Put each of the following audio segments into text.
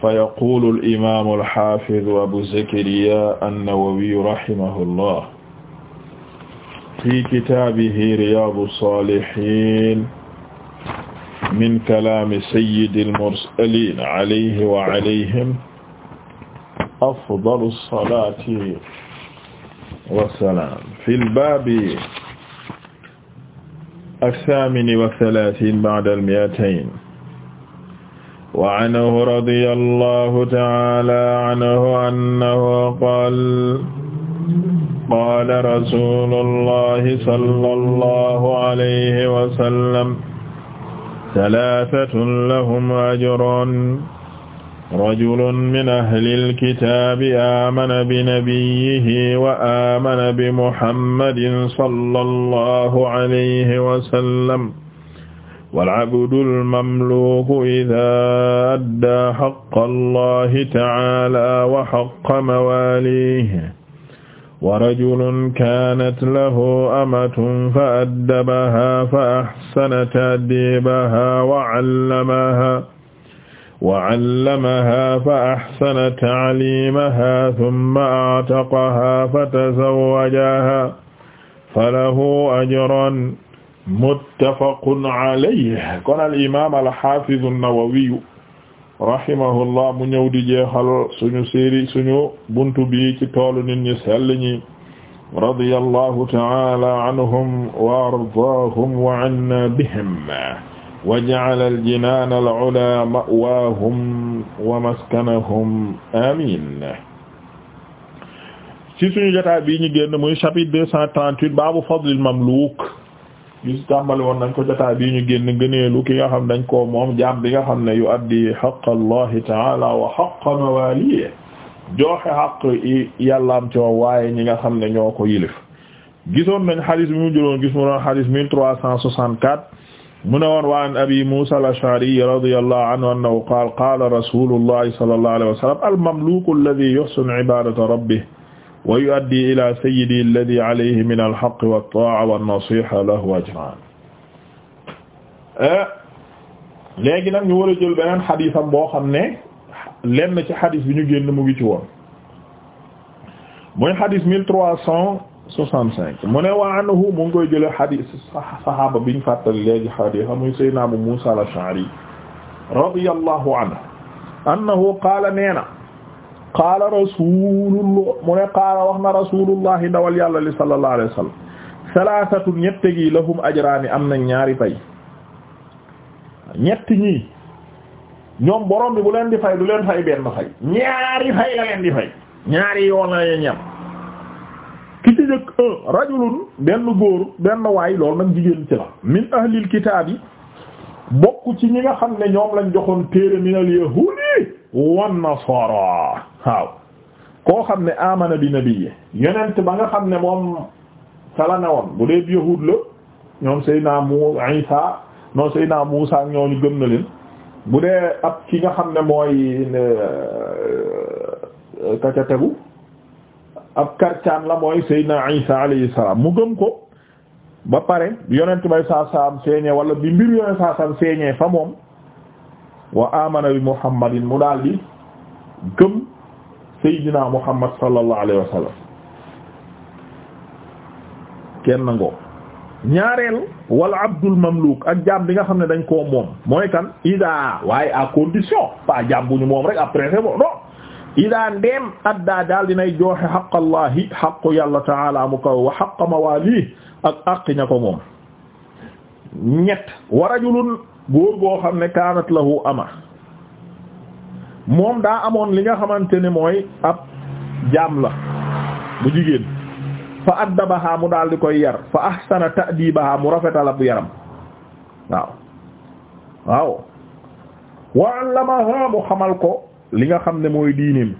fa yaqulu alimamu alhafidu abou zakariya annawawiyu rahimahu llah fi kitabihi riyadu salihin min kalami sayidi almursalin alayhi wa alayhim afdalu alsalati wassalam fi albabi althamini wathalathine ba'da almi'atayn wa anhu radiya allahu taala anhu annahu qaala qaala rasuulullahi sallallahu alayhi wa sallam talaatatun lahum ajrun rajulun min ahlil kitaabi aamana binabiyyihi wa aamana bi muhammadin sallallahu alayhi wa sallam walabdul mamluku ida addaa xaqa allahi taala wa xaqa mawalihi wa rajulun kaanat lahu amatun fa addabaha fa axsana taadibaha wa allamaha wa allamaha fa axsana taalimaha summa actaqaha fa tazawwajaha falahu ajron muttafaqun alayhi kon al imaam al haafiz an-Nawawi rahimahullah mu ñëw di jeexal suñu série suñu buntu bi ci toolu nit ñi sell ñi radiyallahu ta'ala anhum wa ardaahum wa anna bihim wa ja'ala al-jinaan al-'ulaa ma'waahum wa maskanahum amiin ci suñu jotaay bi ñu génn muy chapitre 238 baabu fadlil mamluuk gis tàmbali woon nañ ko jotaay bii ñu génn gëneelu ki nga xam dañ koo moom jaam bi nga xam ne yu addi xaqa allahi taala wa xaqa mawalihi jooxe xaq i yàllaam ci waaye ñi nga xam ne ñoo ko yilif gisoon nañ xadis bi mu jëloon gis mu doon xadis mille trois cent soixante-quatre mu ne woon wa an abi musa al-ash'ari radiyallahu anhu annahu qaala qaala rasulullahi sallallahu alayhi wa sallam al-mamluku alladhi yuhsinu ibadata rabbih wa yu'addi ila sayyidi alladhi alayhi min al-haqq wat-ta'a wan-nasiha lahu ajran léegi nag ñu war a jël beneen xadisam boo xam ne lenn ci xadis bi ñu génn mu ngi ci woon mooy xadis mille trois cent soixante-cinq mu ne wa anhu mu ngi koy jële xadis saxaaba biñ fàttali léegi xadis muy Sayyidina Abu Musa al-Ash'ari radiyallahu anhu annahu qaala neena qaala rasulullah mu ne qaala wax na rasulullahi ndawal yàlla li sallallahu alayhi wa sallam salaasatu ñett gi lahum ajraani am nañ ñaari pay ñett ñii ñoom borom bi bu leen di fay du leen fay benn fay ñaari fay la leen di fay ñaari yoon la ñam ki ci njëkk un benn góor benn waay loolu nag jigéen ci la min ahlil kitaab yi ci ñi nga xam ne ñoom lañ joxoon téere minal yahuudi wan nasara waaw koo xam ne amana bi nabiyyi yonent ba nga xam ne moom ca la ne woon bu dee yahuud la ñoom Seydina mu Isa non Seydina Muusa ñooñu gëm na leen bu dee ab ki nga xam ne mooy euh, kaca tegu ab karcaan la mooy Seydina Isa alayhi salaam mu gëm ko ba pare yonent bay saa saam feeñee wala bi mbir yonent saa saam fa moom wa amana bi muhammadin mu daal di gëm sayyidina muhammad sallallahu alayhi wa sallam kenn ngoo ñaareel abdul mamluk ak jaam bi nga xam ne dañ koo moom mooy kan ida waaye à condition pas jaam bu ñu moom rek après c'est bon non ndeem adda daal dinay jooxe xaqallaahi xaqu yàlla taala mu kaw wa xaqa mawali ak àq ko moom ñett wa rajulun góor boo xam ne kaanat lahu ama moom daa amoon li nga xamante ni mooy ab jaam la bu jigéen fa addabaha mu daal di koy yar fa ahsana ta'dibaha mu rafetal ab yaram waaw waaw wa allamaha mu xamal ko li nga xam ne mooy diineem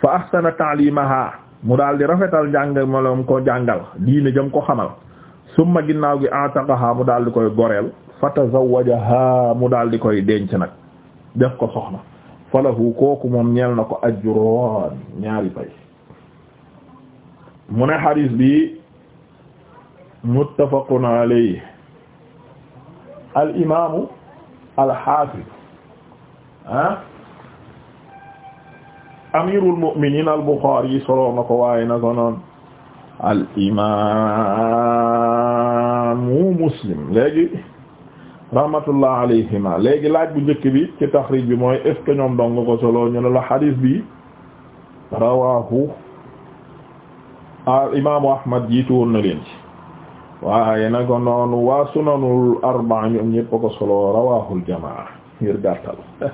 fa ahsana ta'limaha mu daal di rafetal njàng ma ko jàngal diine jëm ko xamal summa ginnaaw gi ataqaha mu daal di koy goreel fatazawwajaha mu daal di koy denc nag def ko soxna falahu kooku moom ñeel na ko ajrun ñaari pay mu ne xadis bi muttafaqun alayhi al imaamu al haafid ah amirul na ko waaye na ko noon muslim rahmatullah alayhima léegi laaj bu njëkk bi ci taxrij bi mooy est ñoom dong ko solo ñu ne la xadis bi rawahu al imaamu ahmad jiitu woon na leen ci waaye naka noonu waa sunanul arbaa ñoom ko solo rawahul jamaa ngir gàttal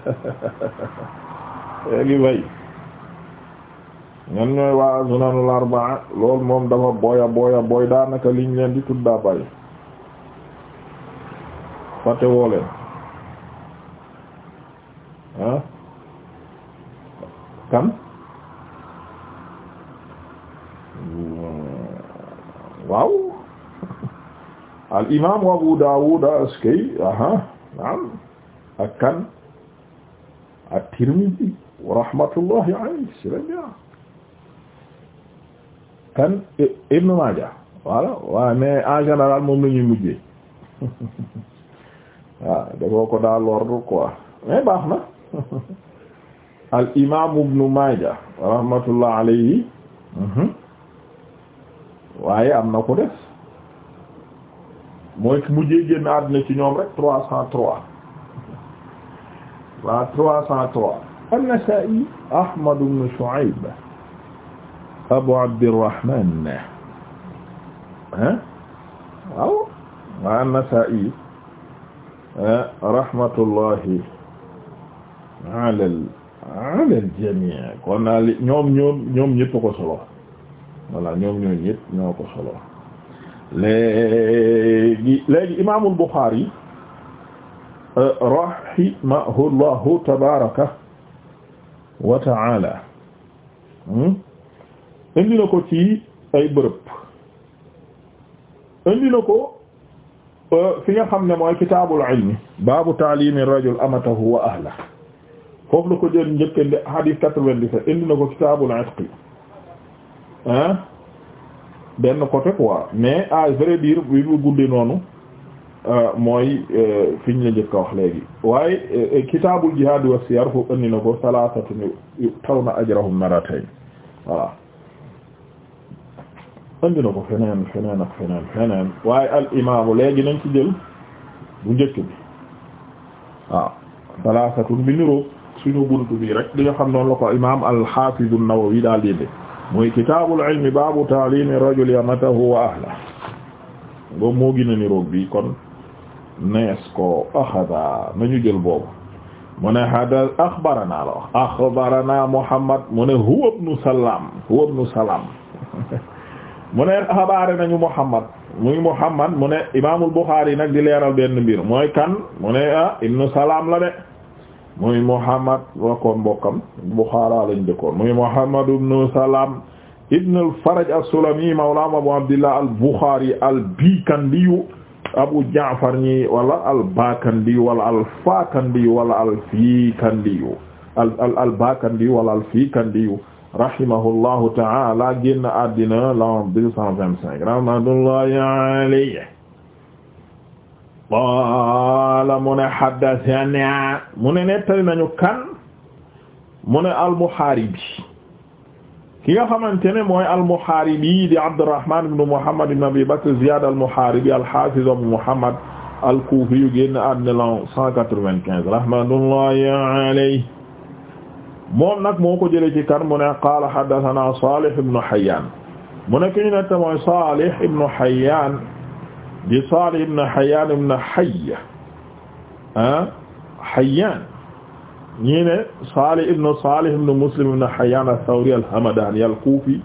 léegi way ñan ñooy waa sunanul arbaa loolu moom dafa boya boya boy daanaka liñ leen di tudda bay fàtte woo ah kan waaw al imaam Abu Daawud askay aha naam ak kan at-Tirmidhi rahmatullahi alayhi sirabia kan Ibn Maaja voilà waaw mais en moom la mujjee waaw dafoo ko daa lord quoi mais baax na al imaam ibnu Maaja rahmatullah alayhi mhm. waaye am na ko def mooy ki mujjee génn àddina ci ñoom rek trois cent trois waa trois cent trois an-Nasaa'i Ahmad ibnu Shu'ayb Abu Abdirrahmaan hein waaw waa an-Nasaa'i rahmatullahi alal alal jamii kon naa li ñoom ñoom ñoom ñëpp ko solo voilà ñoom ñoo ñëpp ñoo ko solo léegi léegi imaamul Buxaari euh, rahimahullahu tabaaraka wa ta'ala hmm? indi na ko ci ay bërëb indi na ko fi nga xam ne mooy kitaabul ilmi baabu taalimi rajul amatahu wa ahla foofu la ko jël njëkkandi hadith quatre vingt dix indi na ko kitaabul itqi hein benn côté quoi noonu euh, mooy euh, fi ñu la njëkk wax léegi waaye euh, kitaabul jihaad wa siyar foofu indi na ko salaasatun taw na ajrahum maratayn andi na ko feneen feneen ak feneen feneen waaye al imaamu léegi nañ ci jël bu bi waaw salaasatun bi niroo suñu buntu bi rek li nga xam noonu la ko imaam al-Haafiz nawawi daal muy kitaabul ilmi baabu ta'liimi rajuli amatahu wa ahlahu boobu moo gën a niroog bi kon nees ko axada nañu jël boobu mu ne hada axbaranaa Muhammad mu ne huwa ibnu Salaam huwa ibnu mu ne xabaare nañu Muhammad muy mu ne Imaamul Buxaari nag di leeral benn mbir mooy kan mu ne ah ibnu Salaam la de muy Muhammad wakkoon mbokkam Buxaara lañ dëkkoon muy Muhammad ibnu Salaam ibnul Faraj as-Sulami mawlaam Abu Abdillah al-Buxaari al-Bikandiyu Abu Jaafar ñi wala al-Bakandiyu wala al-Fakandiyu wala al-Fikandiyu al al al-Bakandiyu wala al-Fikandiyu rahimahullahu ta'ala génn àddina l'an deux cent vingt-cinq rahmatullahi alayhi qaala mu ne haddathana mu ne nettali nañu kan mu ne al-Muhaaribi ki nga xamante ne mooy al-Muhaaribi di Abdurrahman ibn Muhammad ibn Abi Bakr Ziyad al-Muhaaribi al Muhammad al-Kufi génn l'an cent quatre-vingt-quinze moom nag moo ko jëlee ci kan mu ne qaala haddathana Salih ibn Hayyan mu ne ki ñu ne mooy Salih ibn Hayyan di Salih ibn Hayyan ibn Hayya ah Hayyan ñii ne Salih ibn Salih ibn Muslim ibn Hayyan ath-Thawri al-Hamadani al-Kufi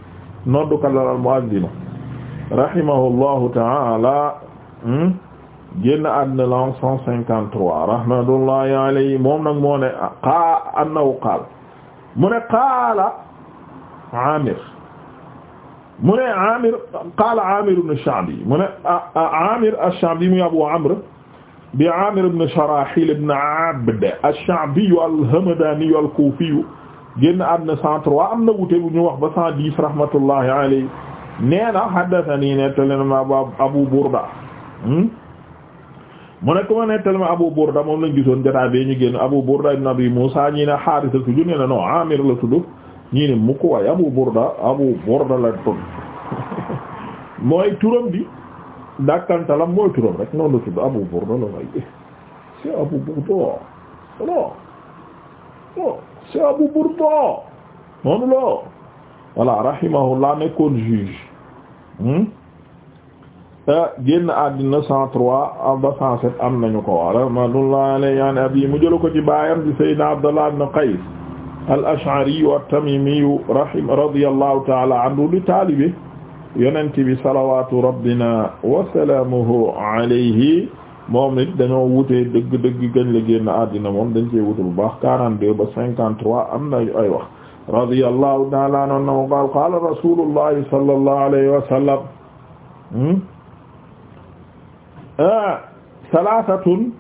noddukat al-mu'azzin rahimahullahu ta'ala hmm? génn àddina la 153 rahmatullahi alayhi moom nag moo ne qaa annahu qaala mu ne qaala Amir mu ne Amir qaala Amir ibn Sha'bi mu ne Amir ash-Sha'bi muy Abu Amr bi Amir ibn Sharahil ibn Abd ash-Sha'bi al-Hamdani al-Kufi génn àdduna 103 am na wuute bu ñu wax ba 110 rahmatullahi alayhi nee na haddathani nettali na ma Abu Burda hmm? mu ne ko ma nettali ma Abu Burda moom lañ gisoon jotaay bee ñu génn Abu Burda ibn Abi Musa ñii ne Haarisa tudd nee na non Amir la tudd ñii ne mukk waaye Abu Burda Abu Burda la tudd mooy turam bi dàkkantalam mooy turam rek noonu la tudd Abu Burda la mooy c'est Abu Burda non non c'est Abu Burda noonu la voilà rahimahullah nekkoon juge hmm? génn àddina 103 ba 107 am nañu ko rahmatullahi alayhi an abi mu jël ko ci baayam di sayyidina Abdullah ibn Qays al-Ash'ari at-Tamimi rahim radiyallahu ta'ala anhu di taalibe yonent bi salawatu rabbina wa salaamuhu alayhi moom it dañoo wutee dëgg dëgg gañ la génn àddina moom dañ cee wute bu baax 42 ba 53 am na ay wax radiyallahu ta'ala anhu qaala qaala rasulullahi sallallahu alayhi wa sallam hmm? Ah, salaasatun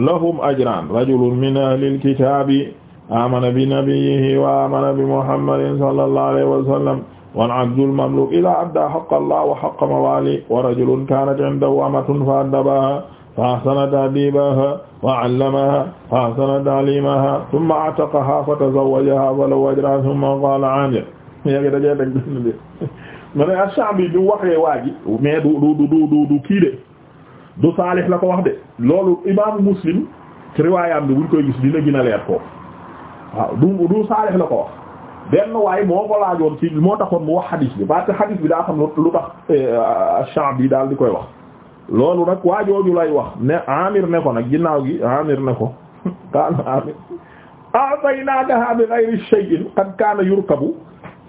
lahum ajran rajulun min ahlil kitaabi amana bi nabiyyihi wa amana bi muhammadin sallallahu alayhi wa sallam wal abdul mamluk ila adda haqqa allah wa haqqa mawali wa rajulun kanat indahu amatun fa addabaha fa ahsana ta'dibaha wa 'allamaha fa ahsana ta'limaha thumma a'taqaha fa tazawwajaha wa law ajra thumma qala 'amir yéegi dajee deg benn bi ma ne Sha'bi bi mu waxee waa ji mais du du du du du kii de du saalix la ko wax de loolu imaamu muslim ci riwaayam bi buñ koy gis dina gën leer ko waaw du du saalix la ko wax benn waay moo ko laajoon ci moo taxoon mu wax xadiis bi parce bi daa xam lu tax euh, Sha'bi yi daal di koy wax loolu nag waajooju lay wax ne Amir ne ko nag ginnaaw gi Amir ne ko kaana Amir a'taynaakahaa bi ghayri shay'in qad kaana yurkabu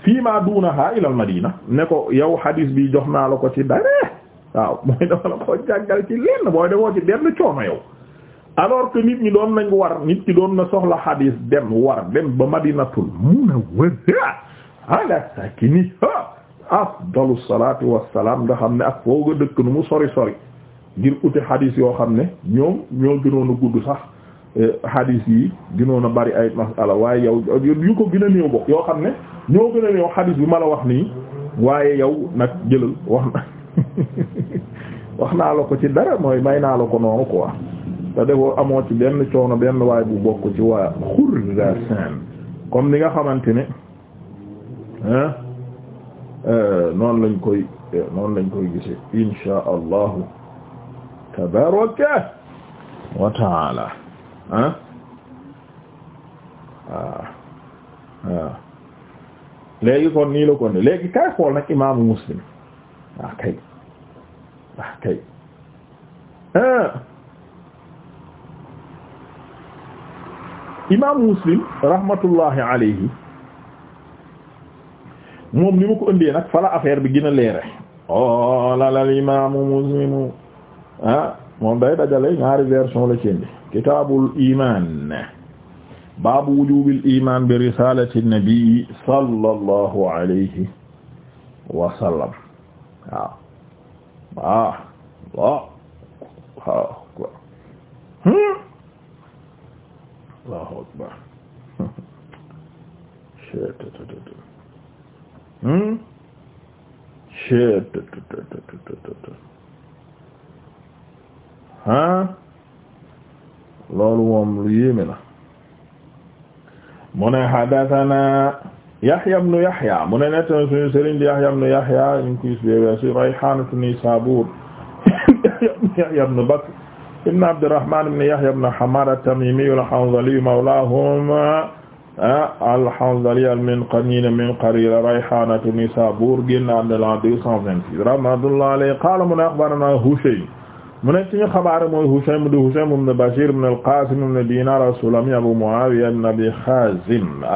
fii ma duunahaa ila al-madina ne ko yow xadiis bi jox naa la ko ci dara waaw mooy dama la ko jàngal ci lenn mooy defoo coono yow alors que nit ñi doon nañ war nit ki doon na soxla xadiis dem war dem ba madinatul munawwara ala sakiniha afdalu salaatu wassalaam nga xam ne ak foo dëkk nu mu sori sori ngir uti xadiis yoo xam ne ñoom ñoo gënoon a gudd sax eh, xadiis yi gënoon a bari ay masala waaye yow yu ko gën a néew bokk yoo xam ne ñoo gën a néew xadiis bi ma la wax nii waaye yow nag jëlal wax na wax naa la ko ci dara mooy may naa la ko noonu quoi te defoo amoo ci benn coono benn waay bu bokk ci waa Xuraasaan comme ni nga xamante ne euh, noon lañ koy euh, noonu lañ koy gise insha allahu tabaraka wa taala ah waaw ah. waaw léegi kon nii la ko kay xool nag imaamu muslim waaw ah, kay ah kay ah. imaamu muslim rahmatullahi alayhi moom ni ma ko ëndee nag fala affaire bi gën a leere o lalal imaamu muslimu ah moom day dajale ñaari version la ci indi kitaabul iman baabu wujubil iman bi risalati nabii sallallahu alayhi wa sallam waaw ah waaw waaw Allahu akbar ah loolu moom lu yéeme la mu ne haddathana Yahya ibn Yahya mu ne nettana suñu sëriñ di Yahya ibn Yahya ñu kois bwesi Rayhanatu Nisabur Yahya ibn Bakr ibn Abdurrahman ibn Yahya ibn Hammad at-Tamimi al-Hanzali mawlahum al-Hanzali al-Minqarini min Qarira Rayhanatu Nisabur génna de l'an 226 rahmatullahi alayhi qala mu ne akhbarana Hushaym mu ne suñu xabaar mooy Hushaym di Hushaym ibn Bashir ibn al-Qasim ibn Dinar as-Sulami Abu Muawiya ibn Abi Khazim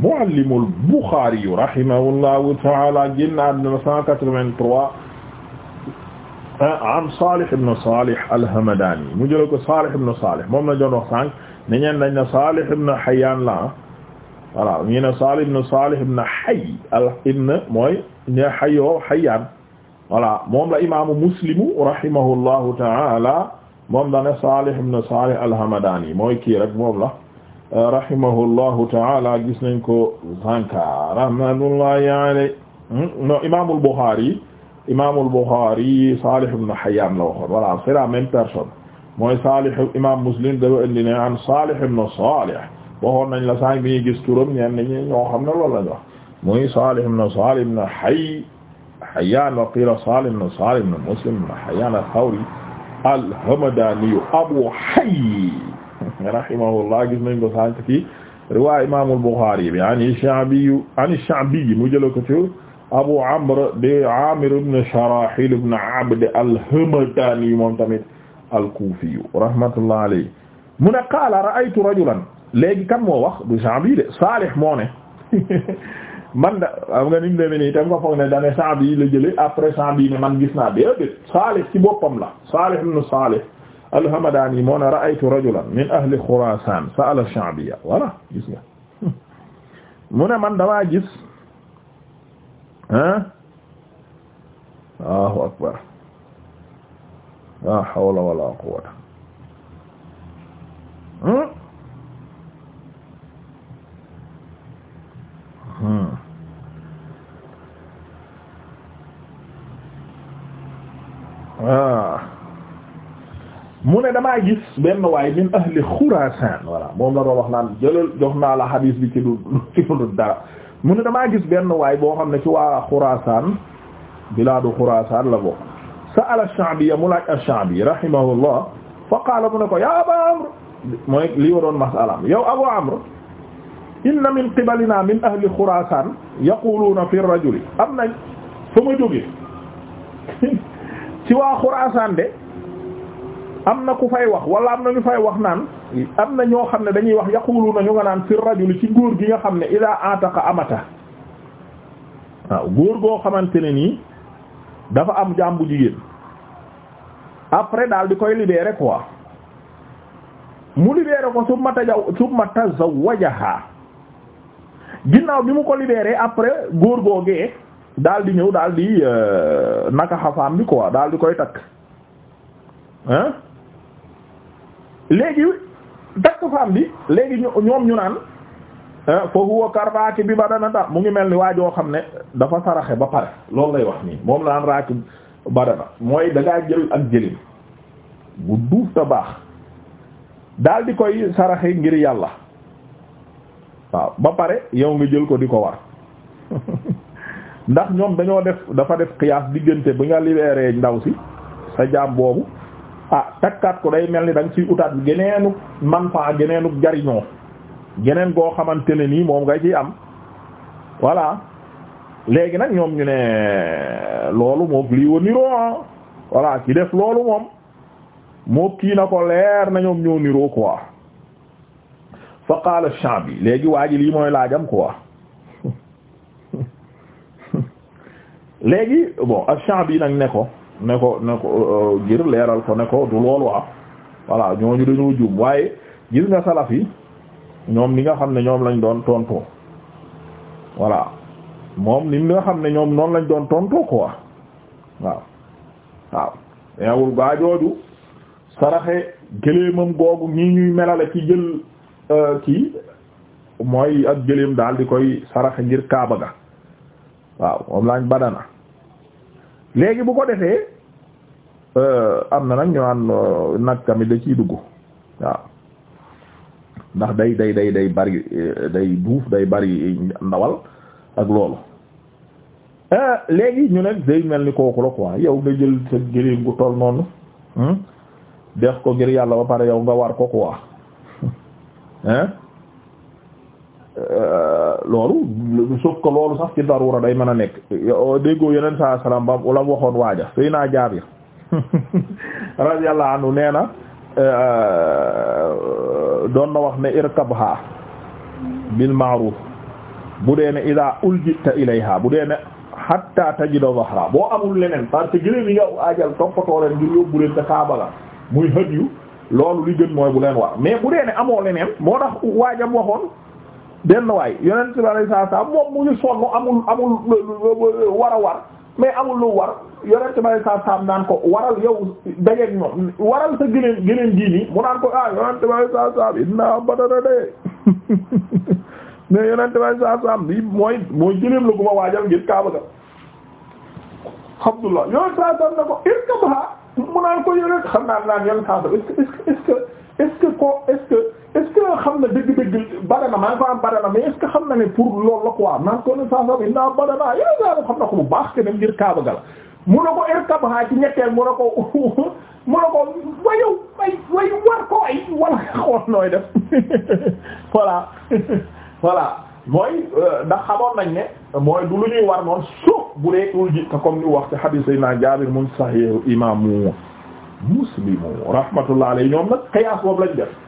muallimul Buxaari rahimahullahu ta'ala génn àddina 183 ah, an Salih ibn Salih al-Hamadani mu jël ko Salih ibn Salih moom la doon wax sànq ne ñeen dañ ne Salih ibn Hayyan la voilà ñu ne Salih ibn Salih ibn Hayy al ibn mooy ne Hayyo Hayyan voilà moom la imaamu Muslimu rahimahullahu ta'ala moom la ne Salih ibn Salih al-Hamadani mooy kii rek moom la. rahimahullahu taala gis nañ ko zanka rahmatullahi aley no imamul Bukhari imamul Bukhari Salih ibn Hayyan la waxoon voilà c'est la même personne mooy Salih imam Muslim dafa indi ne an Salih ibn Salih waxoon nañ la sànq bi ñuy gis turam ñenn ñi ñoo xam ne loolu lañ wax muy Salih ibn Salih ibn Hay Hayyan wa qila Salih ibn Salih ibn Muslim ibn Hayyan al-Thawri al-Hamadani Abu Hayy rahimahullah gis nañ ko sànq ci riwaay imaamul Buxaari bi an Sha'bi an Sha'bi mu jël ko ci Abu Amr de Amir ibn Sharahil ibn Abd al-Hamdani moom tamit al-Kufi rahmatullah alayhi mu ne qaala ra'aytu rajulan léegi kan moo wax du Sha'bi de Salih moo ne man da am nga nimu demee nii tam nga foog ne dane Sha'bi la jële après Sha'bi ne man gis naa déedéet Salih ci boppam la Salih ibn Salih al-Hamadani moo ne ra'aytu rajulan min ahli Khurasan sa'ala ash-Sha'biyya voilà gis nga mu ne man damaa gis ah Allahu akbar la hawla wala quwwata hmm? Hmm. ah mu ne damaa gis benn waay min ahli Xuraasaan voilà moom la doon wax naan jëlal jox naa la xadiis bi ci du ci du dara mu ne damaa gis benn waay boo xam ne ci waa Xuraasaan bilaadu Xuraasaan la bokk sa'ala Sha'bi mu laaj ash-Sha'bi rahimahullah fa qaala mu ne ko yaa Abaa Amr mooy lii waroon masalaam yow Abu Amr inna min qibalinaa min ahli Xuraasaan yaquluuna fi rajuli am nañ fa ma jógee ci waa Xuraasaan de am na ku fay wax wala am na ñu fay wax naan am na ñoo xam ne dañuy wax yaquluna ñu nga naan fi rajuli ci góor gi nga xam ne ila ataqa amata waaw góor goo xamante ne nii dafa am jaam bu jigéen après daal di koy libérer quoi mu libérer ko summa tajaw summa tazawwajaha ginnaaw bi mu ko libérer après góor googee daal di ñëw daal di euh, naka xafaam bi quoi daal di koy takk léegi takk femme bi léegi ñoom ñu naan ah, fa huwa karbaaki bi badanata mu ngi mel ni waajoo xam ne dafa saraxe ba pare loolu lay wax nii moom la naan raaki badana mooy da ngaa jël ak jëlin bu duuf ta baax daal di koy saraxe ngir yàlla waaw ba pare yow nga jël ko di ko war ndax ñoom dañoo def dafa def xiyaas diggante bi nga libéré ndaw si sa jaam boobu ah takkaat ko day mel ni da ci ciy utaat man faa geneenu jariñoo geneen goo xamante ne nii moom nga ciy am voilà léegi nag ñoom ñu ne loolu moom lii wa niroo ah. voilà ki def loolu moom moo kii na ko leer na ñoom ñoo niroo quoi fa qaala Shaabi léegi waa ji lii mooy laajam quoi léegi bon yi nag ne ko ne ko ne ko euh, ngir leeral ko ne ko du loolu am voilà ñooñu dañoo juum waaye gis nga salaf yi ñoom li nga xam ne ñoom lañ doon tontoo voilà moom li nga xam ne ñoom noonu lañ doon tontoo quoi waaw waaw neewul gaa jooju saraxe gëléemam googu ñii ñuy melale ci jël euh, kii mooy ak gëléem daal di koy saraxe ngir kaaba ga waaw moom lañ badana léegi bu ko defee euh, am na nag ñu naan euh, nag tamit da ciy dugg waaw ndax day day day bari euh, day duuf day bari ndawal ak loolu léegi ñu ne day mel ni kooku la quoi yow nga jël sa gëléem gu toll noonu hmm, def ko ngir yàlla ba pare yow nga war ko quoi hein loolu sauf que loolu sax ci darura day mën a nekk déggoo yeneen saa salaam ba waxoon waaja sëy naa Jaabir radiyallahu anhu nee na euh, doon na wax ne irkabha bil ma'ruf bu dee ne ida uljita ilayha bu dee ne hatta tajida zahra boo amul leneen parce que gëléem yi nga ajal toppatoo leen ngir yóbbu leen ca Kaaba la muy hëj yu loolu li gën mooy bu leen war mais bu dee ne amoo leneen moo tax waajam waxoon benn waay yonent bi alayhi salaam moom mu ngi sonn amul amul war a war mais amul lu war yonent bi alayhi salaam naan ko waral yow dajeeg ñoom waral sa gëneen gëneen gii nii mu naan ko ah yonent bi alayhi salaam inna badana de mais yonent bi alayhi salaam bi mooy mooy gëneen la gu ma waajal ngir kaaba ga Abdullah yonent saa saam na ko irkabha mu naan ko yonent xam naa naan yonent saa saam est-ce que est-ce que est-ce que ko est-ce est-ce xam na dëgg-dëgg badana maa ngi ko am badana mais est-ce xam na ne pour loolu la quoi naan ko ne saa soxna naa badana yow daal xam na ko bu baax que ne ngir Kaaba gala mu ne ko irkab er ha ci ñetteel mu ne ko mu ne ko wayu war ko ay wala xool nooy def voilà voilà mooy euh, ndax xamoon nañ ne mooy du lu ñuy war noonu suuf bu dee lu ji comme ni wax ci hadith sayna Jaabir mun sahih imaamu Muslim rahmatullah alayhi ñoom nag qiyaas boobu lañ def.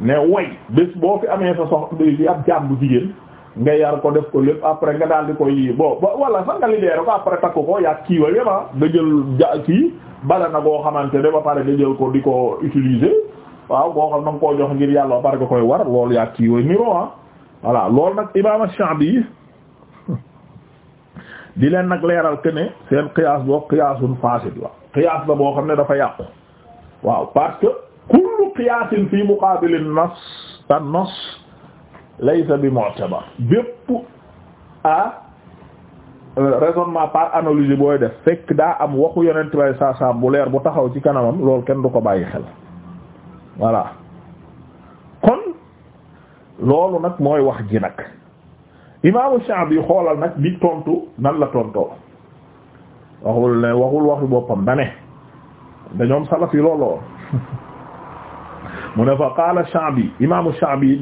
ne way bés boo fi amee sa sox di ab jaam bu jigéen nga yar ko def ko lépp après nga daal di koy bon ba wala sax nga libéré ko après takk ko yaa kii wa yema ah nga jël ja kii bala na koo xamante ne ba pare nga jël ko di ko utiliser waaw boo xam na nga koo jox ngir yàlla ba pare nga koy war loolu yaa kii wa niro ah voilà loolu nag Imaam Ash-Sha'bi yi di leen nag leeral que seen qiyaas boo qiyaasun fasid la qiyaas la boo xam ne dafa yàqu waaw parce que kullu qiyaasin fi muqaabil an ta an-nass laysa bi mu'tabar bépp a raisonnement par analogie booy def fekk daa am waxu yonent bay saasaam bu leer bu taxaw ci kanamam lool kenn du ko bàyyi xel voilà kon loolu nag mooy wax ji nag imaamu Sha'bi xoolal nag di tontu nan la tontoo waxul ne waxul waxu boppam dane dañoom salaf yi looloo mu ne fa qaala Sha'bi imaamu Sha'bi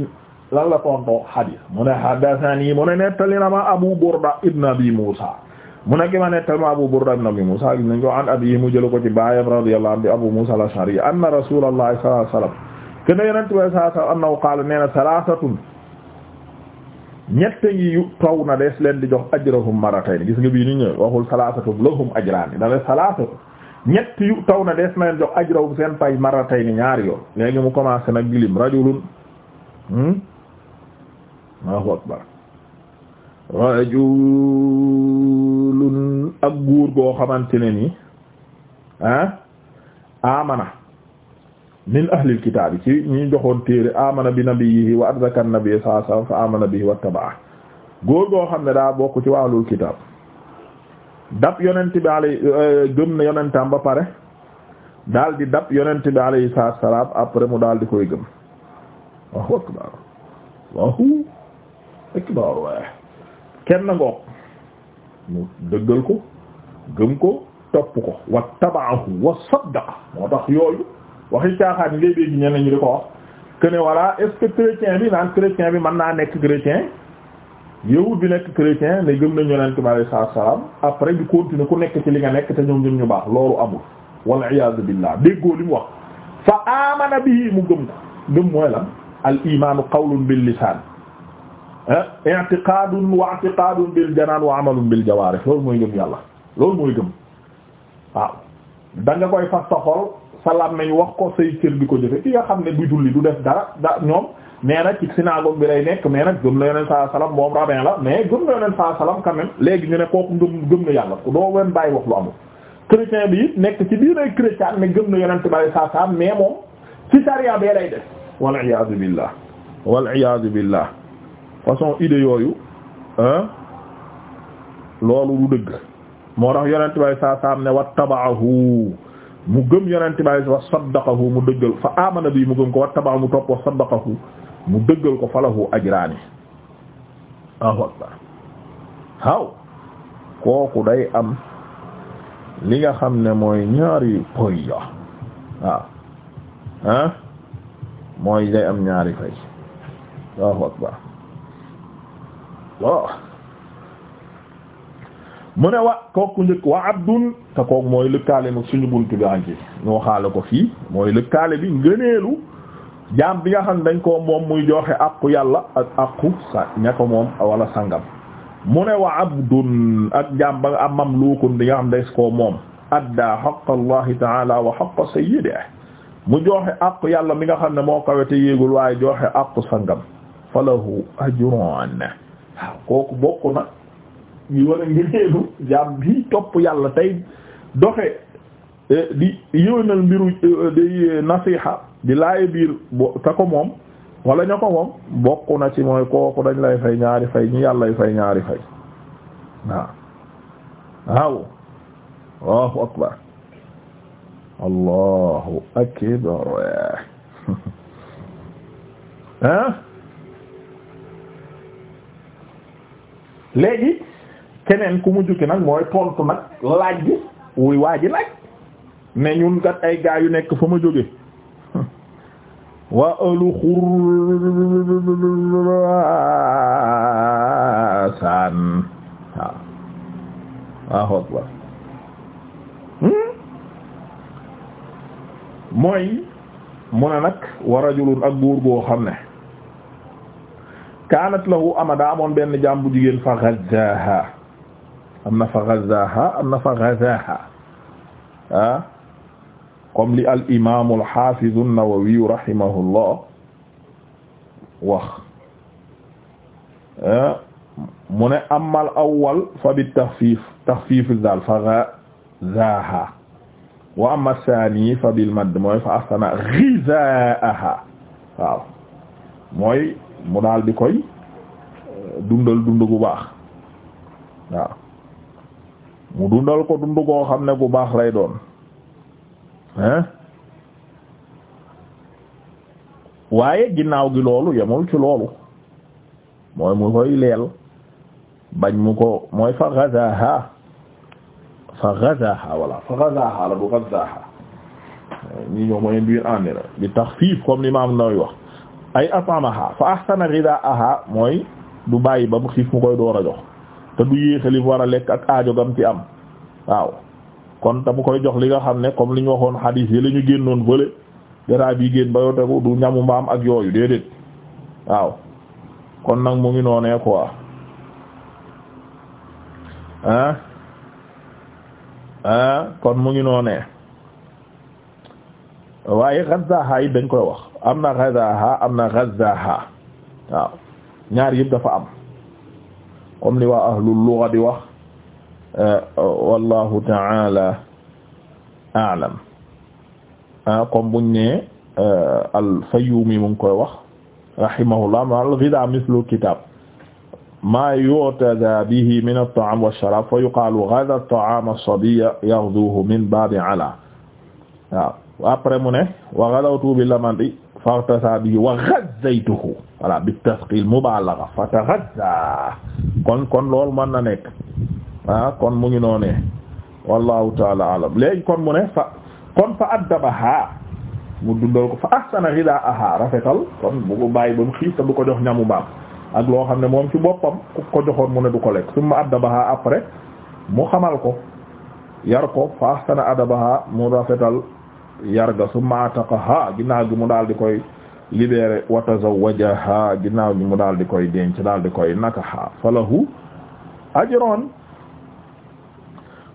lan la tontoo hadis mu ne haddathani mu ne nettali na ma Abu Burda ibn Abi Musa mu ne ki ma nettali ma Abu Burda ibn Abi Musa gis nañ ko an abihi mu jëlu ko ci baayam radiyallahu anhu Abu Musa al-Ash'ari anna Rasulullahi sallallahu alayhi wasallam kene yonent bi sallallahu alayhi wasallam annahu qaala nee na salaasatun ñette ngi yu taw na des leen di jox ajrahum maratayn gis nga bii ni ñëw waxul salaasatun lahum ajraan dana salaasatun ñett yu taw na des na leen jox ajrawum seen pay maratay ni ñaari yoon léegi mu commencé nag gilim rajulun hmm? Allahu akbar rajulun ak góor goo xamante ne ni ah, amana min ahlil kitaabi ci ñi joxoon téere amana bi nabiyhi wa adzaka an-nabiy sallallahu alayhi wa sallam amana bihi wa tabaa góor goo xam ne daa bokk ci wàllul kitaab dab yonent bi alay euh, gëm na yonentam ba pare daal di dab yonent bi alayhi salaam après mu daal di koy gëm waaw akbar waahu akbar waaye kenn ngoog mu dëggal ko gëm ko topp ko wa tabaahu wa saddaqa moo tax yooyu waxi caaxaan ngay dégg ñeneen ñi di ko wax que ne voilà est-ce que chrétien bi naan chrétien bi mën naa nekk chrétien yahud bi nekk chrétien ne gëm nañ yonent bi alayhi salaatu salaam après ñu continuer ku nekk ci li nga nekk te ñoom ñoom ñu baax loolu amul wal iyaazu billah déggoo li mu wax fa amana bihi mu gëm ko gëm mooy lan al imaanu qawlun bil lisaan eh? i'tiqaadun wa i'tiqaadun bil janaan wa amalun bil jawaarih loolu mooy gëm yàlla loolu mooy gëm waaw da nga koy fas sa xol sa làmmiñ wax ko say cër bi ko jëfe ki nga xam ne du julli du def dara da ñoom mais nag ci synagogue bi lay nekk mais nag gëm na yoneen saa salaam moom rabbin la mais gëm na yoneen saa salaam quand léegi ñu ne kooku gëm na yàlla ku doo wen bàyyi wax lu amul chrétien bi it nekk ci lii ay chrétien mais gëm na yonent bale saa salaam mais moom ci sariya bee lay def wal iyaadu billah wal iyaadu billah façon idée yooyu loolu du dëgg moo tax yonent bale saa salaam ne wattaba'ahu mu gëm yonent bale wa saddaqahu mu dëggal fa amana bi mu gëm mu topp mu dëggal ko falahu ajraani Allahu kooku day am li nga xam ne mooy ñaari poy ya waaw mooy day am ñaari fay Allahu akbar waaw mu ne wa kooku njëkk wa abdun te kooku mooy lëkkaale suñu buntu bi anci ñoo xaale ko fii mooy lëkkaale bi ngëneelu jaam bi nga xam ne dañ ko moom muy joxe àqu yàlla ak àqu sa ña ko moom wala sangam mu ne wa abdun ak jaam ba am mamluukun bi nga xam ne dañ koo moom adda xaqa allahi taala wa xaqa sayyidihi mu joxe àqu yàlla mi nga xam ne moo kawete yéegul waaye joxe àqu sangam falahu ajran waaw kooku bokk na yi war a jaam bi topp yàlla tey doxe eh, di yëwénal mbiru eh, di eh, nasiha di laayi biir bo ta ko moom wala ña ko moom bokk na ci mooy kooku dañ lay fay ñaari fay ñi yàlla lay fay ñaari fay waaw waaw akbar allahu akbar hein léegi keneen ku mu ki nag mooy tontu nag laaj bi wuy waa ji laaj ne ñun kat ay gaa yu nekk fa ma jóge wa ahlu Xurasaan waaw waaw xoot ba hmm? mooy mu ne nag wa rajulun ak góor boo xam ne kaanat lahu amada amoon benn jaam bu jigéen fa gazaha am na fa gazaha am na fa gazaha ah comme li al imaam al haafiz an-Nawawi ah, mu ne amal awwal fa bi taxfiif taxfiif daal fa zaaha wa amma saani fa bil madd mooy fa asana ghizaaha mooy mu daal di koy eh, dundal dund baax mu dundal ko dund xam ne gu baax lay doon ah waaye ginnaaw gi loolu yemul ci loolu mooy mu koy leel bañ mu ko mooy fa gazaha fa gazaha wala fa gazaha la bu gazaha ñoo mooy biir enira bi taxfiif comme l'imam nooy wax ay atamaha fa ahsana ghidaaha mooy du bàyyi ba mu xiif mu koy door a jox te du yéexali war a lekk ak aajo gam ci am waaw kon dama koy jox li nga xam ne comme li ñu waxoon xadiis yi la ñu génnoon bële garaab yi génn ba yoo tegu du ñamu mbaam ak yooyu déedéet waaw kon nag mu ngi noonee quoi ah ah kon mu ngi noonee waaye ghazzaha yi dañ koy wax am na ghazzaha am na ghazzaha waaw ñaar yëpp dafa am comme li waa ahlul lugha di wax Euh, wallahu taala aalam ah comme buñ ne euh, al Fayyumi mu ngi koy wax rahimahullah ma al ghidha mithlu kitab ma yu'tada bihi min at-ta'am wash-sharab fa yuqalu ghadha at-ta'am as-sabiyya yaghduhu min babi ala waaw après mu ne wa ghadawtu bil lamandi faghtasaa bihi wa ghazaytuhu voilà bit tasqil mubalagha fa taghazza kon kon loolu mën na nekk ah kon mu ngi noonee wallahu taala alam léegi kon mu ne fa kon fa addabaha mu dundal ko fa ahsana ghidaaha rafetal kon bu ko bàyyi ba mu xiif te du ko jox ñamu mbaam ak loo xam ne moom ci boppam ku ko joxoon mu ne du ko lekk summa addabaha après mu xamal ko yar ko fa ahsana adabaha mu rafetal yarga summa ataqaha ginnaaw gi mu daal di koy libéré wa tazawwajaha ginnaaw gi mu daal di koy denc daal di koy nakaha falahu ajron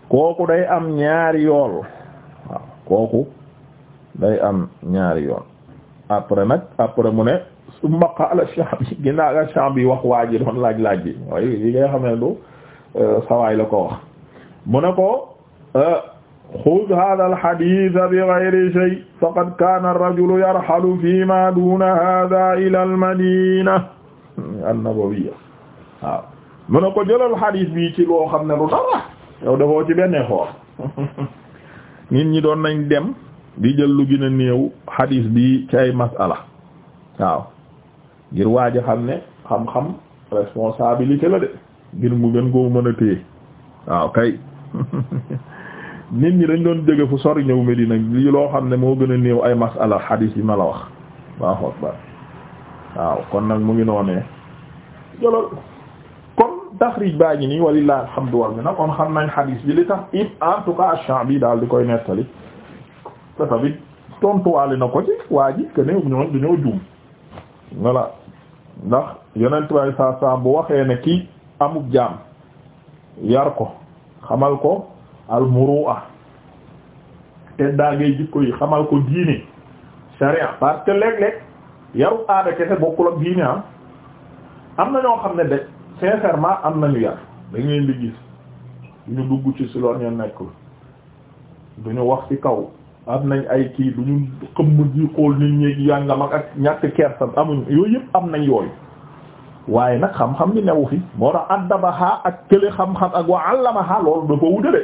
kooku day am ñaari yool waaw kooku day am ñaari yool après nag après mu ne summa qaala Sha'bi ginnaaw ga Sha'bi wax waa ji doon laaj laaj bi waaye li ngay xam ne du euh, sawaay la ko wax mu ne ko euh, xud hada alhadith bi ghayri shay faqad kana ar-rajulu yarhalu fi ma duna hada ila al-madina an-nabawiyya waaw mu ne ko jëlal hadith bi ci loo xam ne du dara yow dafoo ci benn effort nit ñi doon nañ dem di jël lu gën a néew xadiis bi ci ay masala waaw ngir waaj a xam ne xam-xam responsabilité la de ngir mu gën koo mën a téye waaw kay nit ñi dañ doon jóge fu sori ñëw Medina li loo xam ne moo gën a néew ay masala xadiis yi ma la wax waaw waaw kon nag mu ngi noonee jëlal taxrij baa ngi nii walillahi alhamdu wal minna kon xam nañ xadiis bi li tax it en tout cas daal di koy nettali te tamit tontuwaale na ko ci waa ji que ne ñoom dañoo juum voilà ndax yonent bay saa saa bu waxee ne kii amub jaam yar ko xamal ko almuru'a te daa jikko yi xamal ko diine sharia parce que léeg-léeg yaru aada kese bokkul ak diine ah. am na ñoo xam ne de sincèrement am nañu yar da ngeen di gis duñu dugg ci si loon ñu nekkul ñu wax ci kaw am nañ ay kii duñu xëmm ji xool nit ñi yàngam ak ak ñàkk kersan amuñ yooyu yëpp am nañ yooyu waaye nag xam-xam ni newu fi moo tax addabaha ak kële xam-xam ak wa allamaha loolu dafa wuute de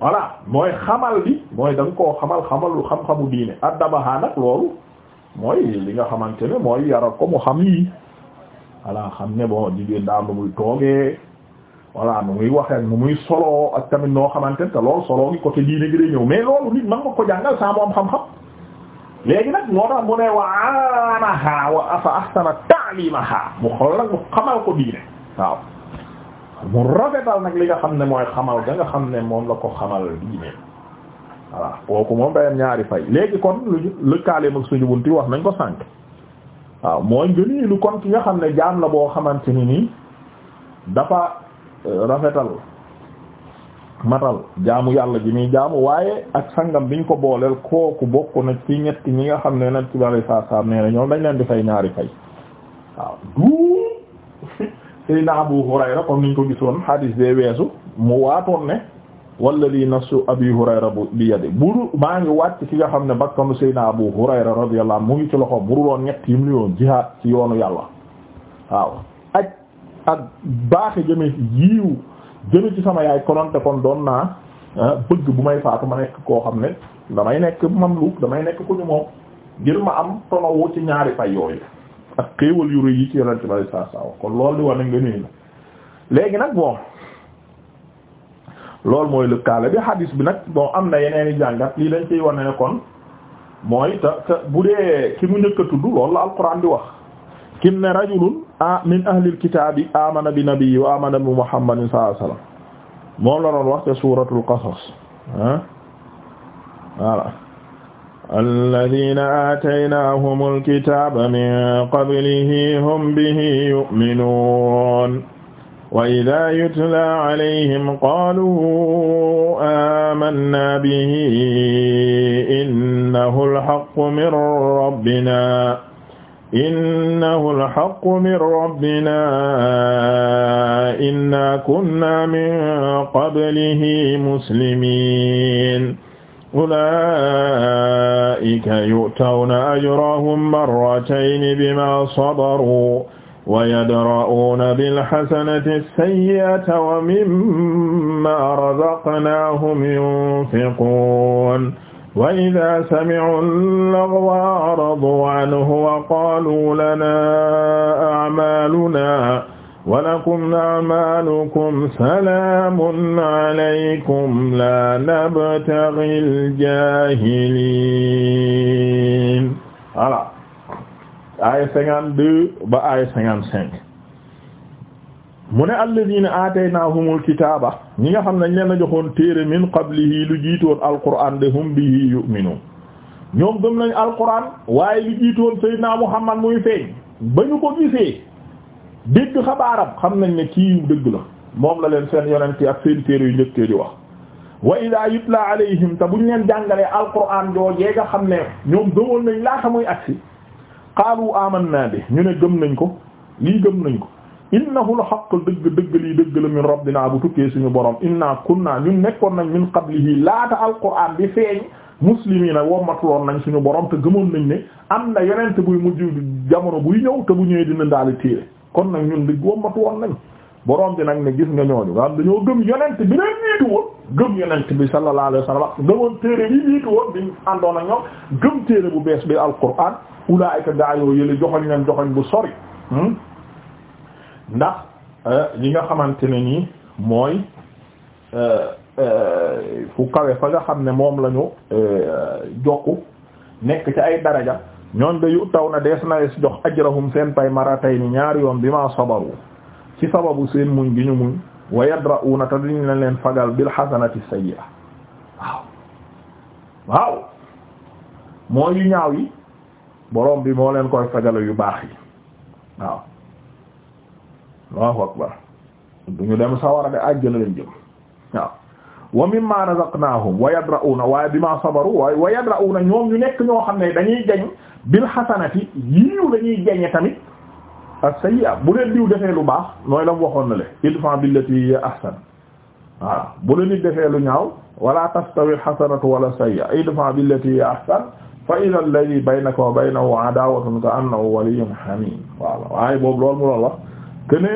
voilà mooy xamal bi mooy da nga koo xamal xamalu xam-xamu diine addabaha nag loolu mooy li nga xamante ne mooy yara ko mu xam lii voilà xam ne bon jigéen daal nu muy toogee voilà nu muy waxee ak nu muy solo ak tamit noo xamante te lool solo gi côté diine gi day ñëw mais loolu nit man nga ko jàngal saa am xam-xam léegi nag moo tax mu ne wa aanaha wa afa ahsana ta'limaha mu xool nag mu xamal ko diine waaw mu rafetal nag li nga xam ne mooy xamal da nga xam ne moom la ko xamal diine voilà kooku moom dayam ñaari fay léegi kon luñu lëkkaale mag suñu bunti wax nañ ko sànk waaw mooy lu kon ki nga xam ne jaam la boo xamante ni nii dafa euh, rafetal matal jaamu yàlla ji muy jaamu waaye ak bi ñu ko booleel kooku bokk na ci ñett ñi nga xam ne nag ci bari saa saa nee na ñoom dañ leen di fay ñaari fay waaw du Seydina Abu Hurayra comme niñ ko gisoon hadis bee weesu mu waatoon ne walladi nafsu abi hurayra bu bi yadi buru maa ngi wàcc ci nga xam ne bakkanu seydina abu hurayra radiyallahu anhu mu ngi ci loxo buru doon ñett yim li yoon jihaad ci yoonu yàlla waaw aj ak baaxe jëme yiiw jëme ci sama yaay konoon te kon doon naa ah, bëgg bu may faatu ma nekk koo xam ne damay nekk mamluk damay nekk ku ñu moom ngir ma am tonowu ci ñaari fay yooyu ak xéewal yu rëy yi ci yonent bi sallallahu alayhi wasallam kon loolu di war na nga nii la nag bon loolu mooy lëkkaale bi hadis bi nag bon am na yeneen i jàngat lii dañ ciy wane ne kon mooy te te bu dee ki mu njëkk a tudd loolu la alquran di wax kim ne rajulun a min ahlil kitaabi amana bi nabiyyi wa amana bi muhammadin sallallahu alayhi wasallam moom la doon wax ca suuratul qasas ah voilà alladina aataynahum alkitaba min qablihi hum bihi yu'minuun wa idaa yutla alayhim qaaluu aamanna bihi innahu alhaqqu min rabbinaa innahu alhaqqu min rabbinaa innaa kunnaa min qablihi muslimiin ulaa'ika yu'tawna ajrahum marratayni bimaa sabaruu wa yadra'uuna bilxasanati as-sayyi'ata wa mimmaa razaqnaahum yunfiquun wa idaa sami'uu al-lagwa a'raduu anhu wa qaaluu lanaa a'maalunaa wa lakum a'maalukum salaamun alaykum laa nabtaghil jaahiliin voilà aaya cinquante deux ba aaya cinquante cinq mu ne alladina aataynaahumul kitaaba ñi nga xam ne ñu leen a joxoon téere min qablihi lu jiitoon alquran de hum bihi yu'minu ñoom gëm nañ alquran waaye lu jiitoon sayyidina Muhammad muy feeñ ba ñu ko gisee dégg xabaaram xam nañ ne kii dëgg la moom la leen seen yonent ak seen téere yu njëkkee di wax wa ida yutla alayhim te ñu leen jàngalee alquran joo jee nga xam ne ñoom gëmoon nañ laata muy agsi qaalu naa bi ñu ne gëm nañ ko lii gëm nañ ko innahu la xaq dëgg dëgg lii dëgg la min rabbina bu tukkee suñu borom inna kunna ñun nekkoon nañ min qablihi laata al alquran bi feeñ muslimiina wommatuloon nañ suñu borom te gëmoon nañ ne am na yonent buy mujj jamono buy ñëw te bu ñëwee dina daal téere kon nag ñun di wommatuloon nañ borom bi nag ne gis nga ñooñu nga xam dañoo gëm yonent bi leen niitu woon gëm yonent bi sallallahu alayhi wa sallam gëmoon téere bi niitu woon bu bees bi alquran ulaayika gaa yoo yële joxoñ leen joxoñ bu sori hmm? ndax li euh, nga xamante ne nii mooy euh, euh, fu kawe fa nga xam ne moom lañu jokk nekk ci ay daraja ñoom de yu taw na dees na jox ajrahum seen pay maratay ni ñaari yoon bi ma sabaru ci sababu seen muñ gi ñu muñ wa yadra'una te duñu leen leen fagal bil hasanati sayyi'a waaw waaw mooy yu ñaaw yi borom bi moo leen koy fajalo yu baax yi waaw Allahu akbar du ñu dem sawara de àjjana lañ jëm waaw wa mimma razaqnahum wa yadra'una waaye bima sabaru waaye wa yadra'una ñoom ñu nekk ñoo xam ne dañuy jañ bil xasanati yiiw dañuy jañe tamit bu leen diw defee lu baax nooy la mu waxoon na le idfa billati hiya ahsan waaw bu leen nit defee lu ñaaw wala tastawi al-hasanatu wala sayyi'a idfa billati hiya ahsan fa ida alladi baynaka wa baynahu adawatun ka annahu waliyyun hamim voilà waaye boobu loolu mu loolu wax que ne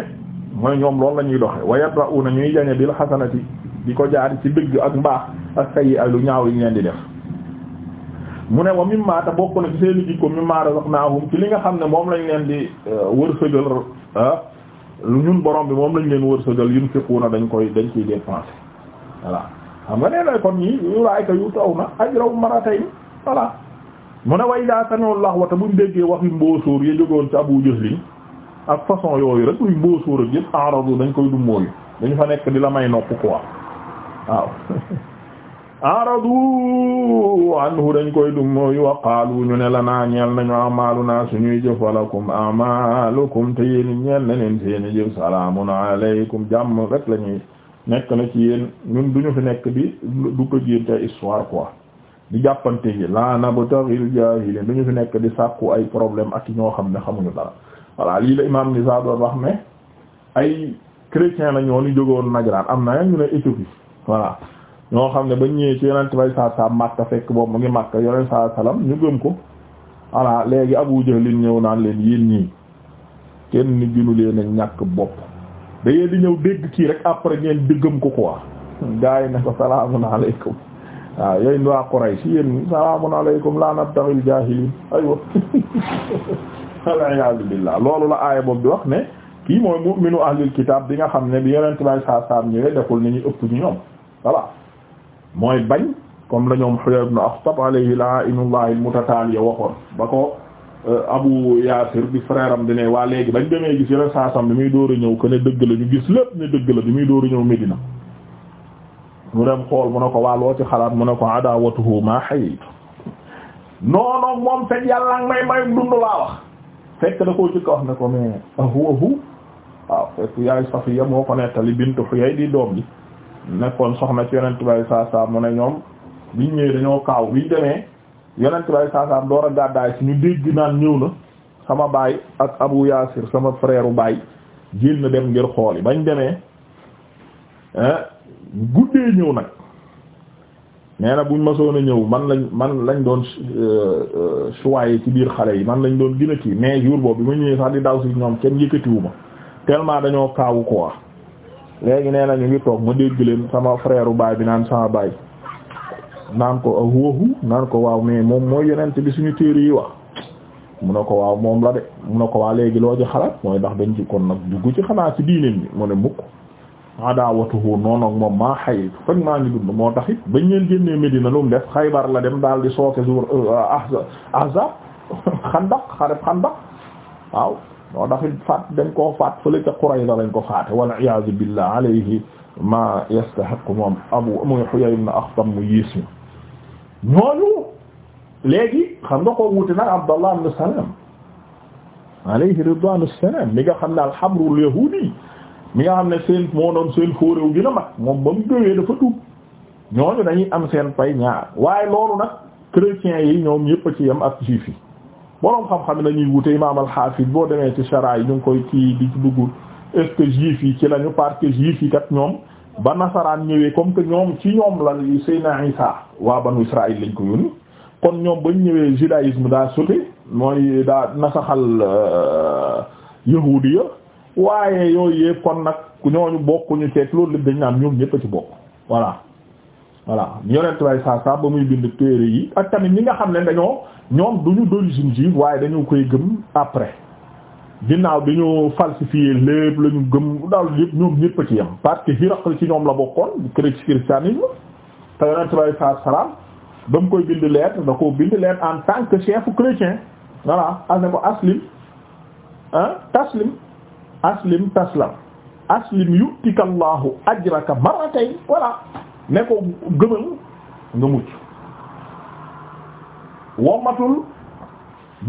mooy ñoom loolu la ñuy doxe wa yadra'una ñuy jañe bil hasanati di ko jaari ci dëgg ak mbaax ak sayyi ay lu ñaaw yi ñu leen di def mu ne wa mimma ta bokk na ci seeni jikko mimma razaqnahum ci li nga xam ne moom lañ leen di euh, lu ah, ñun borom bi moom lañ leen wërsëgal yunfiquna dañ koy dañ ciy dépenser voilà xam nga nee na kon ñi ulaayka yu taw na ajraw mu ne way daa sami'u lahwata buñ déggee wax yu mboosóor ya jógoon ci Abu Jahl ak façon yooyu rek yu mboosóor ak yëpp aradu dañ koy dummóoyu dañu fa nekk di la may nokk quoi waaw aradu anhu dañ koy dummóoyu wa qaalu ñu ne lanaa ñeel nañu amaaluna ñuy jëf walakum amaalukum te yéen ñeel na leen seeni jëf salaamun aleykum jàmm rek la ñuy nekk na ci yéen ñun duñu fi nekk di du ko jéem te histoire quoi di jàppante yi la nabtaghil jaahiliin duñu fi nekk di sàkku ay problème ak ñoo xam ne xamuñu dara voilà lii la imam nisa doon wax ne ay chrétien la ñoo ni jógoon Najraan am na ñu ne Éthiopie voilà ñoo xam ne bañ ñëwee ci yonent bay saa saa Makka fekk boobu mu ngi Makka yonent saa salaam ñu gëm ko voilà léegi Abu Jahlin ñëw naan leen yéen ñii kenn nit ginu leen a ñàkk bopp da di ñëw dégg kii rek après ngeen di gëm ko quoi gars yi ne ko salaamun waaw yéen waa Quraysh yéen salaamun aleykum la nabtaghil jaahiliin aywa waliyasu billah loolu la aaya boobu di wax ne kii mooy mu'minu ahlil kitaab bi nga xam ne bi yonent bay saa saam ñëwee deful ni ñu ëpp ñu ñoom voilà mooy bañ comme la ñoom Huyayy ibn Akhtab alayhi la'inullahi al-mutataaliya waxoon ba ko euh, Abu Yaasir di frère di ne waa léegi bañ demee gis yonent saa saam bi muy dóor a ñëw ko ne dëgg la ñu gis lépp ne dëgg la bi muy dóor a ñëw Medina mu dem xool mu ne ko waa loo ci xalaat mu ne ko adawatuhu ma hayyitu non non moom fekk yàlla may may dund laa wax fekk da koo jëkk wax ne ko mais ahu ahu waaw fekk yaay Safiya moo ko nettali bintu Huyay di doom bi nekkoon soxna ci yonent bay saa mu ne ñoom biñ ñëwee dañoo kaaw biñ demee yonent bay door a gàddaay si ñu dégg naan ñëw na sama baay ak Abu Yaasir sama frère u baay jël na dem ngir xool yi bañ demee guddee ñëw nag nee na buñ masoon a ñëw man lañ man lañ doon euh, euh, choyé ci biir xale yi man lañ doon gën kii mais jour boobu bi ma ñëwee sax di daw si ñoom kenn yëkkatiwu ma dañoo kaawu ko wax léegi nee na ñu ngi toog ma dégg leen sama frère baay bi naan sama baay naan ko ah, wóoxu naan ko waaw mais moom mooy yonent bi suñu téere yi wax mu ne ko waaw moom la de mun ne ko waa léegi loo ci xalaat mooy ndax dañ ci kon nag dugg ci xanaa ci diine bi mu ne adaawatuhu noonu ak moom maa xay fekk maa ngi dund moo tax it bañ leen génnee Medina lu mu def la dem daal di sooke jour euh, Ahzab Xandaq Xandaq waaw moo tax faat dañ faat fële ca Qurayza lañ ko faate wal iyaazu billah alayhi ma yastahiqu abu mu yiis mi ñooñu léegi xam nga nag Abdallah ibn Salam alayhi ridwanu salam al-Hamru yahudi mi nga xam ne seen moo doon seen fóoréw gën a mag moom ba mu gëwee dafa tuub ñooñu dañuy am seen pay ñaar waaye loolu nag chrétiens yi ñoom ñëpp a ci yem ak juif yi boroom xam-xam ne dañuy wute imaam al boo demee ci chara yi ñu ngi koy kii di ci dugg est-ce que juif yi ci lañu parce que juif yi kat ñoom ba nasaraan ñëwee comme que ñoom ci ñoom la Seydina Isa waa banu Israël lañ ko yónni kon ñoom bañ ñëwee judaïsme daa sote mooy daa nasaxal euh, yahudiya waaye yooyu yëpp kon nag ku ñooñu bokkuñu ceeg loolu dañ naan ñoom ñëpp a ci bokk voilà voilà yonent way saa saa ba muy bind téere yi ak tamit ñi nga xam ne dañoo ñoom duñu d'origine juive waaye dañu koy gëm après ginnaaw dañoo falsifié lépp la ñu gëm daal lépp ñoom ñëpp a ci yem parce que Hiraql ci ñoom la bokkoon christianisme te yonent way saa salaam ba mu koy bind lettre da ko bind lettre en tant que chef chrétien voilà as ko aslim ah taslim aslim taslam aslim yu'tikallaahu ajraka marratayn voilà ne ko nga mucc wommatul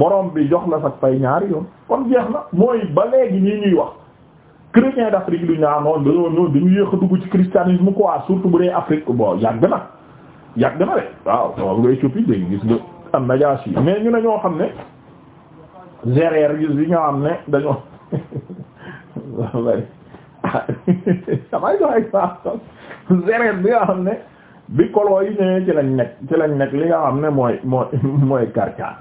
borom bi jox la sax fay ñaari yoon kon jeex na mooy ba léegi nii ñuy wax chrétien d'Afrique du ñaar noonu dañoo ñëw dañu a dugg ci christianisme quoi surtout bu dee Afrique bon yàgg na yàgg na rek waaw waaw ngay coppi gis nga am na jaas ñu ne ñoo xam ne gérer yi nga xam ne dañoo bëri damay jox exemple sereet bi nga xam ne bi koloo yi ñëwee ci lañ nekk ci lañ nekk li nga xam ne mooy mooy mooy karcaan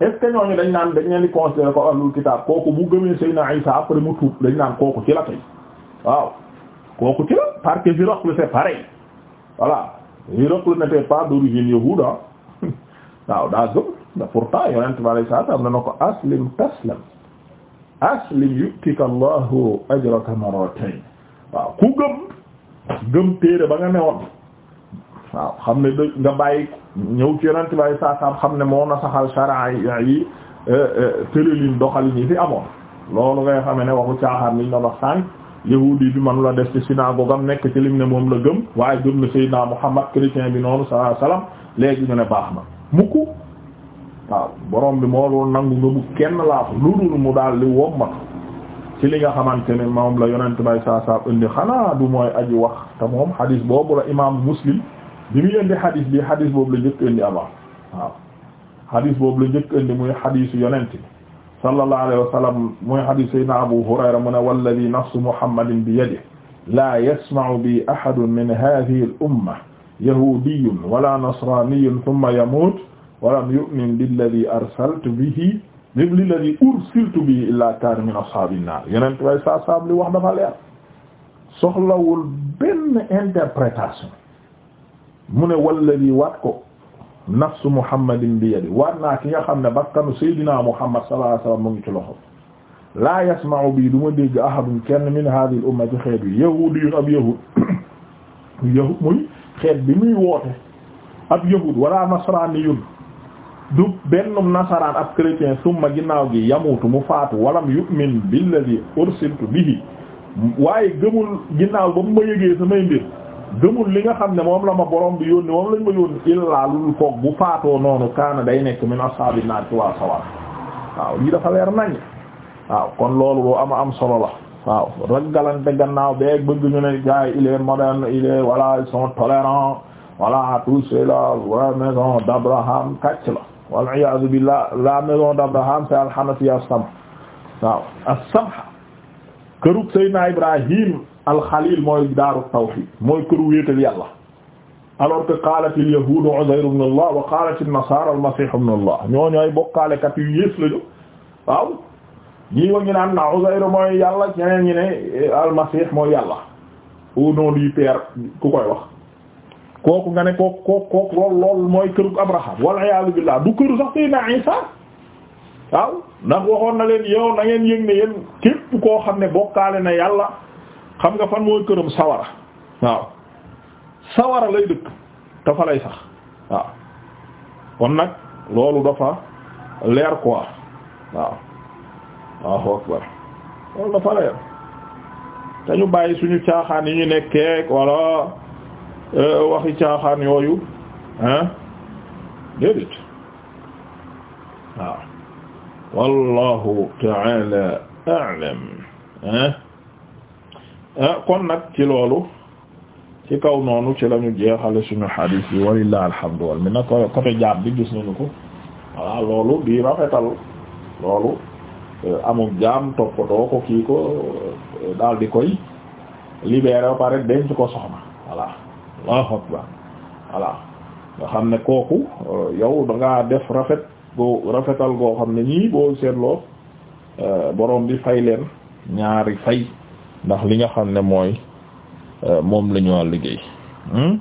est ce que ñooñu dañ naan dañ leen di considérer ko ahlul kitaab kooku bu gëmee Seydina Isa après mu dañ naan kooku ci la tey waaw kooku ci la parce que Hiraqle c'est pareil voilà Hiraqle n'était pas d'origine yahude waaw daa gëm da pourtant yonent bi sallallahu alayhi wa sallam na ko aslim taslam aslim yu'tika Allahu ajraka marratayn waaw ku gëm gëm téere ba nga newoon waaw xam ne da nga bàyyi ñëw ci yonent bay saasaam xam ne moo na saxal sharaa yi eh, eh, tërëlin doxalin yi fi amoon loolu ngay xame ne waxu caaxaan liñ la wax sànq yahudi bi manu la def ci synagogue am nekk ci lim ne moom la gëm waaye gëm na Seydina Muhammad chrétien bi noonu sallallahu alayhi wasallam léegi ñu ne baax na mukk waaw borom bi moo loolu nangu nga bu kenn laa ko lu dul mu daal li wommatu ci li nga xamante ne moom la yonent bay saa saa indi xanaa du mooy aji wax te moom xadis boobu la imaamu muslim bi muy indi xadis bi xadis boobu la njëkk indi avant waaw xadis boobu la njëkk indi muy xadisu yonent bi sallallahu alayhi wa sallam muy xadis sayyidina abu hurayra mu ne walladi nafsu muhammadin bi yadihi laa yasma'u bi ahadun min hadhihi al umma yahudiyyun wala nasraniyun thumma yamut walam yu'min billadi arsaltu bihi même lilladi ursiltu bihi illa kaana min ashaabin naar yeneen way sa saab li wax dafa leer soxlawul benn interprétation mu ne walladi waat ko nafsu muhammadin bi yadi waat naa ki nga xam ne bakkanu saydina muhammad sallallahu alayhi wasallam mu ngi ci loxo laa yasma'u bii du ma dégg ahadun kenn min hadhihi al ummati xeet bi yahudiyun ab yahud yahud muy xeet bi muy woote ab yahud wala nasraniyun du bennum nasaraan ab chrétien summa ginnaaw gi yamutu mu faatu walam yu'min billadhi ursiltu bihi waaye gëmul ginnaaw ba mu ma yëgee samay mbir gëmul li nga xam ne moom la ma borom bi yónni moom lañ ma yónni illaa lul koog bu faatoo noonu kaana day nekk min ashaabin naar ci waa sawar waaw lii dafa leer nañ waaw kon loolu loo ama am solo la waaw raggalante gannaaw beeg bëgg ñu ne gars il est moderne il est voilà ils sont la maison d'Abraham wal iyaadu billah la maison d'Abraham c'est al-Hanafi as-Samh Ibrahim al-Khalil mooy daaru tawhid mooy këru wéetal yàlla alors al-yahuudu Uzayr al-Masiih ibn al-Masiih mooy yàlla au nom du Père ku wax kooku nga ne kooku kooku kooku lool mooy këru Abraham wala yàlla billah du këru sax tey naa Isa waaw ndax waxoon na leen yow na ngeen yëg ne yéen képp koo xam ne bokkaale na yàlla xam nga fan mooy këram sawara waaw sawara lay dëkk te lay sax waaw kon nag loolu dafa leer quoi waaw waaw akbar loolu dafa leer te bàyyi suñu caaxaan yi ñu nekkee wala Euh, waxi caaxaan yooyu ah déedéet waaw wallahu taala a'lam ah kon nag ci loolu ci kaw noonu ci lañu jeexale suñu xadiis yi walillahi alhamdu wal minna ko côté jaab bi gis nañu ko voilà loolu di rafetal loolu euh, amul jaam toppatoo ko kii ko daal di koy libéré ba pare denc ko soxna voilà Allahu akbar voilà nga xam ne kooku euh, yow da ngaa def rafet boo rafetal goo xam ne ñii boo seetloo euh, borom bi fay leen ñaari fay ndax li nga xam ne mooy euh, moom la ñu liggéey hmm?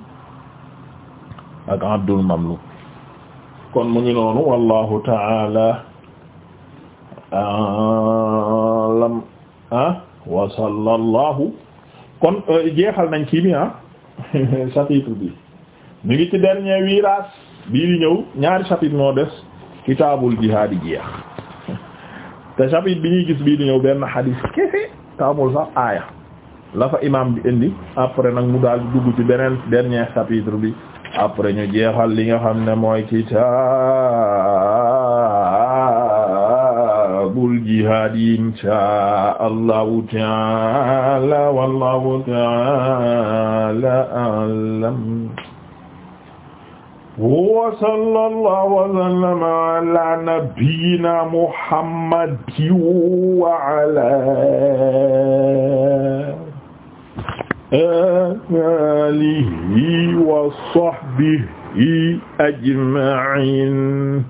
ak abdul mamluk kon mu ngi noonu wallahu taala alam ah wa sallallahu kon jeexal nañ kii ah. chapitre bi ñu ngi ci dernier virage bii ñëw ñaari chapitre moo des kitaabul jihaad yi jeex te chapitre bi ñuy gis bii di ñëw benn xadiis kese taamul sax aaya la fa imaam bi indi après nag mu daal dugg ci beneen dernier chapitre bi après ñu jeexal li nga xam ne mooy kitaab kitabul jihad insha allahu taala wallahu taala alam wa sallallahu wa sallama ala nabiyyina muhammadin wa ala alihi wa sahbihi ajma'in